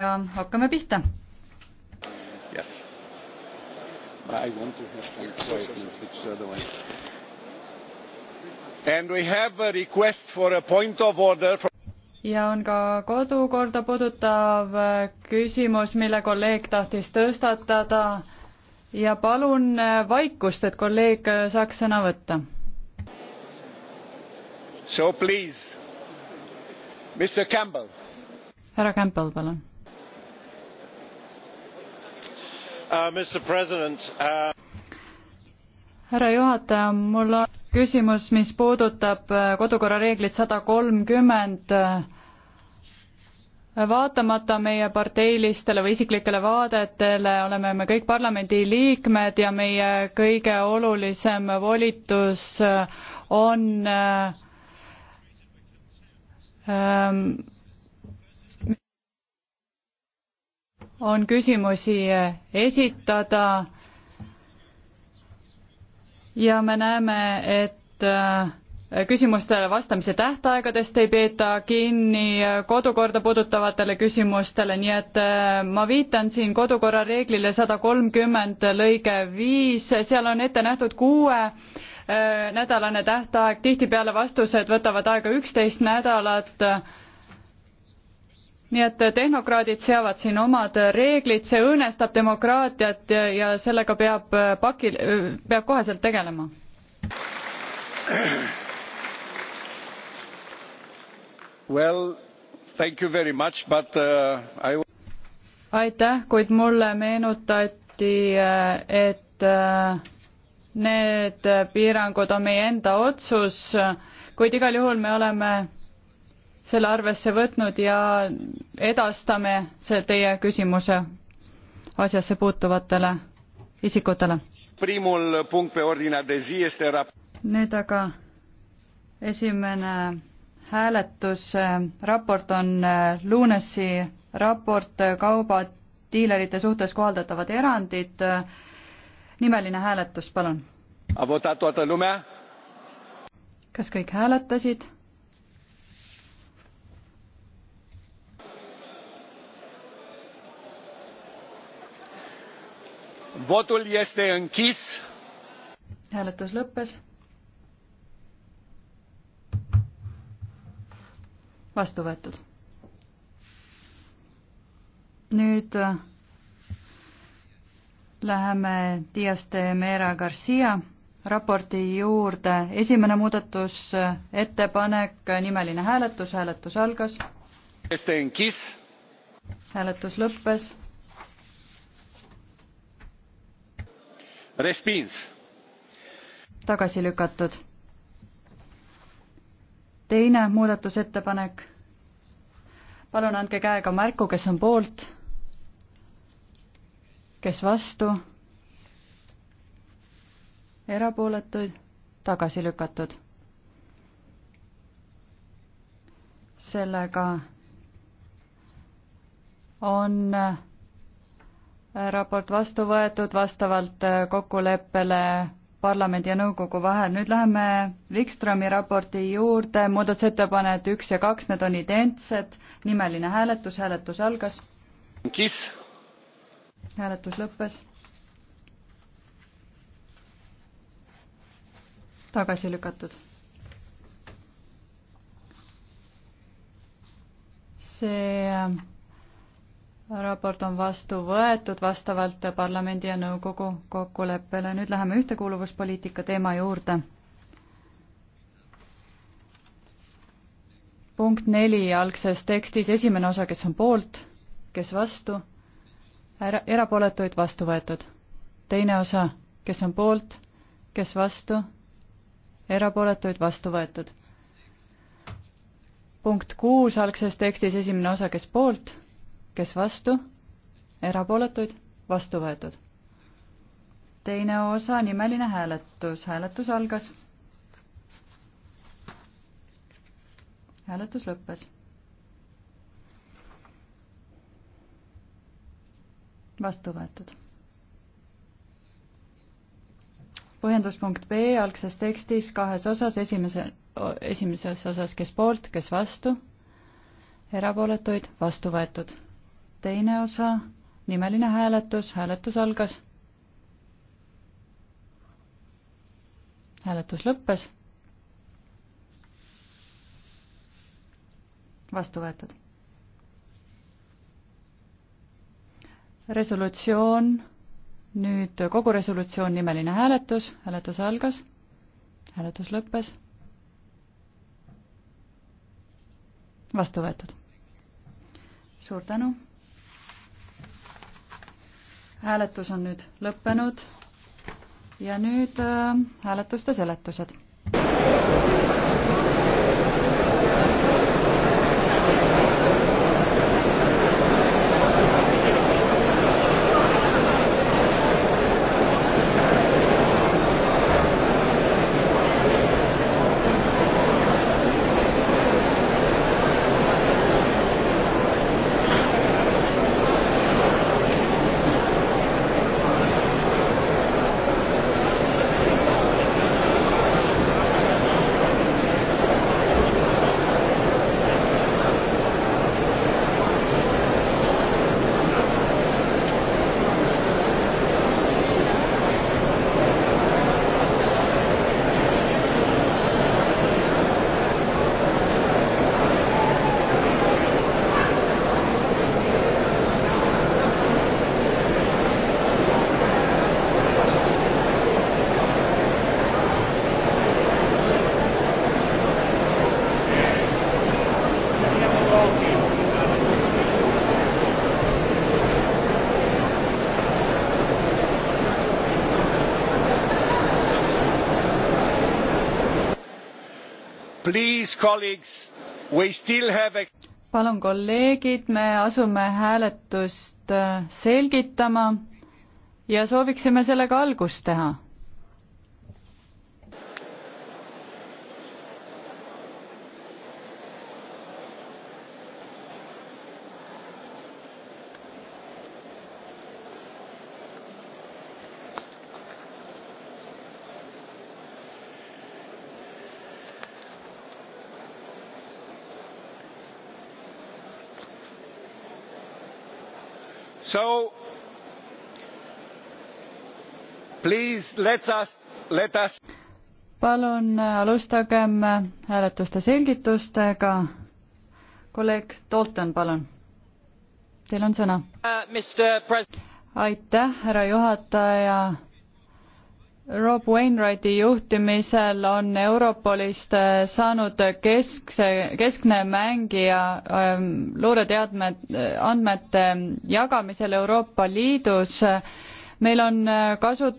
ja hakkame pihta. Yes. I want to have some quietness because otherwise. And we have a request for a point of order from ja on ka kodukorda puudutav äh, küsimus, mille kolleeg tahtis tõstatada ja palun äh, vaikust, et kolleeg äh, saaks sõna võtta. So please, Mr Campbell. härra Campbell, palun Uh, uh, härra juhataja, mul on küsimus, mis puudutab uh, kodukorrareeglit sada kolmkümmend. vaatamata meie parteilistele või isiklikele vaadetele oleme me kõik parlamendi liikmed ja meie kõige olulisem volitus on ähm, on küsimusi esitada. ja me näeme, et äh, küsimustele vastamise tähtaegadest ei peeta kinni kodukorda puudutavatele küsimustele, nii et äh, ma viitan siin kodukorra reeglile sada kolmkümmend lõige viis, seal on ette nähtud kuue äh, nädalane tähtaeg, tihtipeale vastused võtavad aega üksteist nädalat nii et tehnokraadid seavad siin omad reeglid, see õõnestab demokraatiat ja, ja sellega peab äh, paki, äh, peab koheselt tegelema. Well, thank you very much, but uh, I aitäh, kuid mulle meenutati, äh, et need piirangud on meie enda otsus, kuid igal juhul me oleme selle arvesse võtnud ja edastame see teie küsimuse asjasse puutuvatele isikutele. nüüd aga esimene hääletus, raport on eh, Lunesi raport eh, kaubadiilerite suhtes kohaldatavad erandid. nimeline hääletus, palun. kas kõik hääletasid? votul este închis. hääletus lõppes. vastu võetud. nüüd äh, läheme Dias de Mera Garcia raporti juurde. esimene muudatusettepanek, äh, äh, nimeline hääletus, hääletus algas. hääletus lõppes respins. tagasi lükatud. teine muudatusettepanek. palun andke käega märku, kes on poolt, kes vastu, erapooletuid, tagasi lükatud. sellega on raport vastu võetud vastavalt äh, kokkuleppele parlamendi ja nõukogu vahel. nüüd läheme Wikströmi raporti juurde, muudatusettepanekud üks ja kaks, need on identsed, nimeline hääletus, hääletus algas. hääletus lõppes. tagasi lükatud. see äh, raport on vastu võetud vastavalt parlamendi ja nõukogu kokkuleppele. nüüd läheme ühtekuuluvuspoliitika teema juurde. punkt neli algses tekstis, esimene osa, kes on poolt, kes vastu, erapooletuid vastu võetud. teine osa, kes on poolt, kes vastu, erapooletuid vastu võetud. punkt kuus algses tekstis, esimene osa, kes poolt kes vastu, erapooletuid, vastu võetud. teine osa, nimeline hääletus, hääletus algas. hääletus lõppes. vastu võetud põhjenduspunkt B algses tekstis kahes osas, esimese, esimeses osas, kes poolt, kes vastu, erapooletuid, vastu võetud teine osa, nimeline hääletus, hääletus algas. hääletus lõppes. vastu võetud. resolutsioon, nüüd kogu resolutsioon, nimeline hääletus, hääletus algas, hääletus lõppes. vastu võetud. suur tänu hääletus on nüüd lõppenud ja nüüd äh, hääletuste seletused Have... palun kolleegid, me asume hääletust äh, selgitama ja sooviksime sellega algust teha so please let us, let us palun äh, alustagem äh, hääletuste selgitustega. kolleeg Dalton, palun. Teil on sõna. Uh, aitäh, härra juhataja Rob Wainwrighti juhtimisel on Europolist äh, saanud keskse, keskne mängija ähm, luureteadmed, äh, andmete jagamisel Euroopa Liidus. meil on äh, kasu-